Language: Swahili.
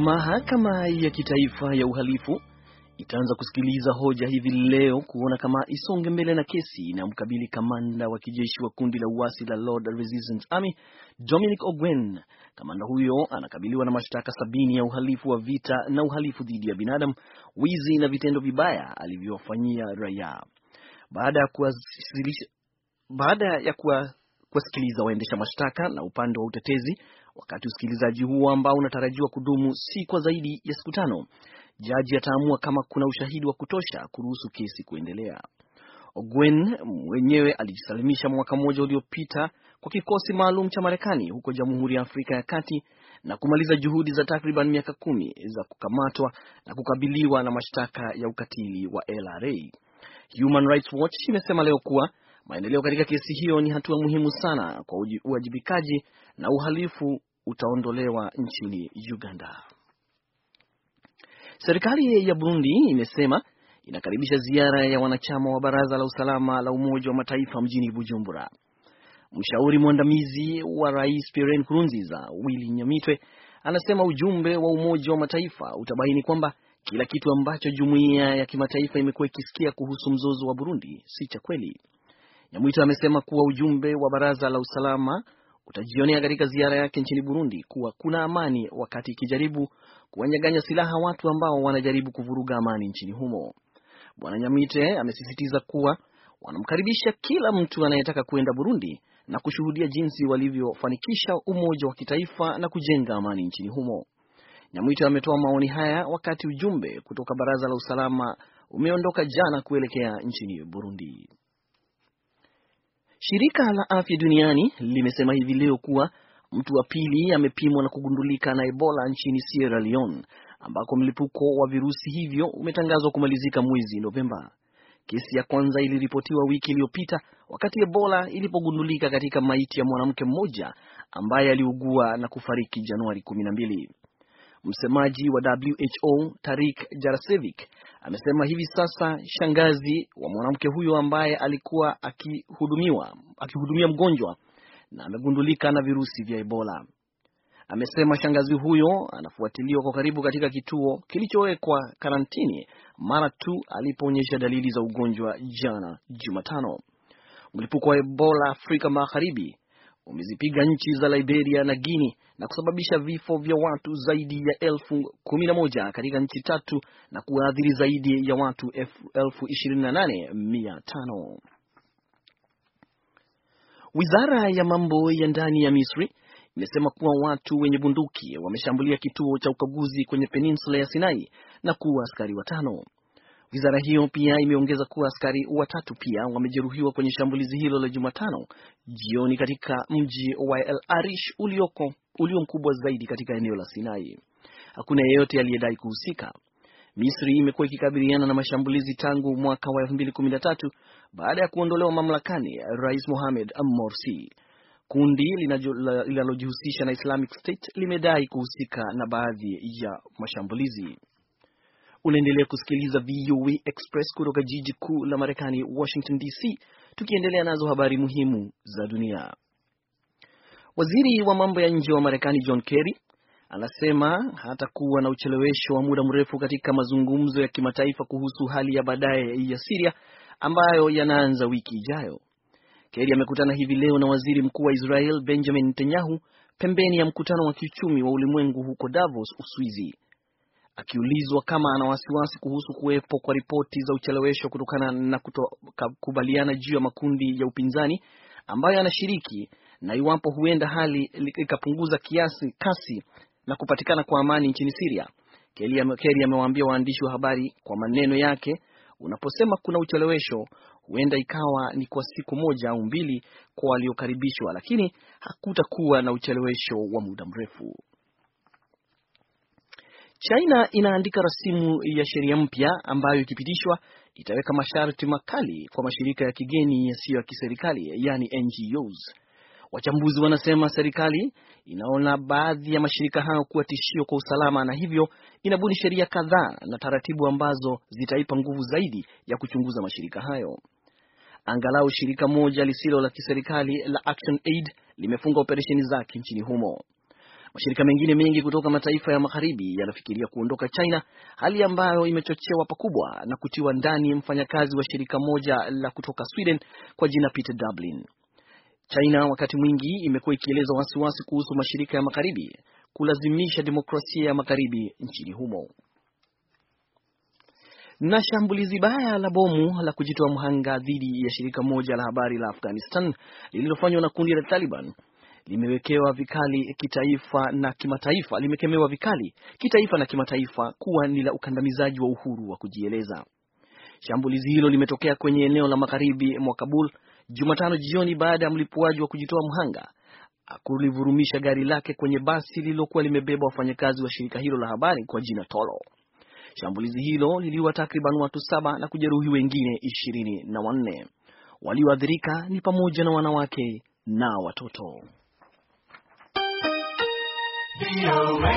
Mahakama ya Kitaifa ya Uhalifu itaanza kusikiliza hoja hivi leo kuona kama isonge mbele na kesi inayomkabili kamanda wa kijeshi wa kundi la uasi la Lord Resistance Army Dominic Ogwen. Kamanda huyo anakabiliwa na mashtaka sabini ya uhalifu wa vita na uhalifu dhidi ya binadamu, wizi na vitendo vibaya alivyowafanyia raia. Baada ya kuwasilisha baada ya kuwa kuwasikiliza waendesha mashtaka na upande wa utetezi Wakati usikilizaji huo ambao unatarajiwa kudumu si kwa zaidi ya siku tano, jaji ataamua kama kuna ushahidi wa kutosha kuruhusu kesi kuendelea. Ogwen mwenyewe alijisalimisha mwaka mmoja uliopita kwa kikosi maalum cha Marekani huko Jamhuri ya Afrika ya Kati na kumaliza juhudi za takriban miaka kumi za kukamatwa na kukabiliwa na mashtaka ya ukatili wa LRA. Human Rights Watch imesema leo kuwa maendeleo katika kesi hiyo ni hatua muhimu sana kwa uwajibikaji na uhalifu utaondolewa nchini Uganda. Serikali ya Burundi imesema inakaribisha ziara ya wanachama wa Baraza la Usalama la Umoja wa Mataifa mjini Bujumbura. Mshauri mwandamizi wa Rais Pierre Nkurunziza, Willy Nyamitwe, anasema ujumbe wa Umoja wa Mataifa utabaini kwamba kila kitu ambacho jumuiya ya kimataifa imekuwa ikisikia kuhusu mzozo wa Burundi si cha kweli. Nyamwita amesema kuwa ujumbe wa Baraza la Usalama utajionea katika ziara yake nchini Burundi kuwa kuna amani wakati ikijaribu kuwanyaganya silaha watu ambao wanajaribu kuvuruga amani nchini humo. Bwana Nyamwite amesisitiza kuwa wanamkaribisha kila mtu anayetaka kuenda Burundi na kushuhudia jinsi walivyofanikisha umoja wa kitaifa na kujenga amani nchini humo. Nyamwite ametoa maoni haya wakati ujumbe kutoka Baraza la Usalama umeondoka jana kuelekea nchini Burundi. Shirika la Afya Duniani limesema hivi leo kuwa mtu wa pili amepimwa na kugundulika na Ebola nchini Sierra Leone ambako mlipuko wa virusi hivyo umetangazwa kumalizika mwezi Novemba. Kesi ya kwanza iliripotiwa wiki iliyopita wakati Ebola ilipogundulika katika maiti ya mwanamke mmoja ambaye aliugua na kufariki Januari 12. Msemaji wa WHO Tarik Jarasevic amesema hivi sasa shangazi wa mwanamke huyo ambaye alikuwa akihudumiwa akihudumia mgonjwa na amegundulika na virusi vya Ebola. Amesema shangazi huyo anafuatiliwa kwa karibu katika kituo kilichowekwa karantini mara tu alipoonyesha dalili za ugonjwa jana Jumatano. Mlipuko wa Ebola Afrika Magharibi umezipiga nchi za Liberia na Guinea na kusababisha vifo vya watu zaidi ya elfu kumi na moja katika nchi tatu na kuwaathiri zaidi ya watu elfu ishirini na nane mia tano. Wizara ya mambo ya ndani ya Misri imesema kuwa watu wenye bunduki wameshambulia kituo cha ukaguzi kwenye peninsula ya Sinai na kuua askari watano. Wizara hiyo pia imeongeza kuwa askari watatu pia wamejeruhiwa kwenye shambulizi hilo la Jumatano jioni katika mji wa El Arish ulioko ulio mkubwa zaidi katika eneo la Sinai. Hakuna yeyote aliyedai kuhusika. Misri imekuwa ikikabiliana na mashambulizi tangu mwaka wa 2013 baada ya kuondolewa mamlakani Rais Mohamed Morsi. Kundi linalojihusisha na Islamic State limedai kuhusika na baadhi ya mashambulizi. Unaendelea kusikiliza VOA Express kutoka jiji kuu la Marekani, Washington DC, tukiendelea nazo habari muhimu za dunia. Waziri wa mambo ya nje wa Marekani John Kerry anasema hata kuwa na uchelewesho wa muda mrefu katika mazungumzo ya kimataifa kuhusu hali ya baadaye ya Siria ambayo yanaanza wiki ijayo. Kerry amekutana hivi leo na waziri mkuu wa Israel Benjamin Netanyahu pembeni ya mkutano wa kiuchumi wa ulimwengu huko Davos, Uswizi. Akiulizwa kama ana wasiwasi kuhusu kuwepo kwa ripoti za uchelewesho kutokana na kutokubaliana juu ya makundi ya upinzani ambayo anashiriki na iwapo huenda hali ikapunguza kiasi kasi na kupatikana kwa amani nchini Siria, Keri amewaambia waandishi wa habari, kwa maneno yake, unaposema kuna uchelewesho, huenda ikawa ni kwa siku moja au mbili kwa waliokaribishwa, lakini hakutakuwa na uchelewesho wa muda mrefu. China inaandika rasimu ya sheria mpya ambayo ikipitishwa itaweka masharti makali kwa mashirika ya kigeni yasiyo ya kiserikali yani NGOs. Wachambuzi wanasema serikali inaona baadhi ya mashirika hayo kuwa tishio kwa usalama na hivyo inabuni sheria kadhaa na taratibu ambazo zitaipa nguvu zaidi ya kuchunguza mashirika hayo. Angalau shirika moja lisilo la kiserikali la Action Aid limefunga operesheni zake nchini humo. Mashirika mengine mengi kutoka mataifa ya magharibi yanafikiria kuondoka China, hali ambayo imechochewa pakubwa na kutiwa ndani mfanyakazi wa shirika moja la kutoka Sweden kwa jina Peter Dublin. China wakati mwingi imekuwa ikieleza wasiwasi kuhusu mashirika ya magharibi kulazimisha demokrasia ya magharibi nchini humo. Na shambulizi baya la bomu la kujitoa mhanga dhidi ya shirika moja la habari la Afghanistan lililofanywa na kundi la Taliban limewekewa vikali kitaifa na kimataifa, limekemewa vikali kitaifa na kimataifa kuwa ni la ukandamizaji wa uhuru wa kujieleza. Shambulizi hilo limetokea kwenye eneo la magharibi mwa Kabul Jumatano jioni baada ya mlipuaji wa kujitoa mhanga kulivurumisha gari lake kwenye basi lililokuwa limebeba wafanyakazi wa shirika hilo la habari kwa jina Tolo. Shambulizi hilo liliua takriban watu saba na kujeruhi wengine ishirini na wanne. Walioathirika ni pamoja na wanawake na watoto. VOA.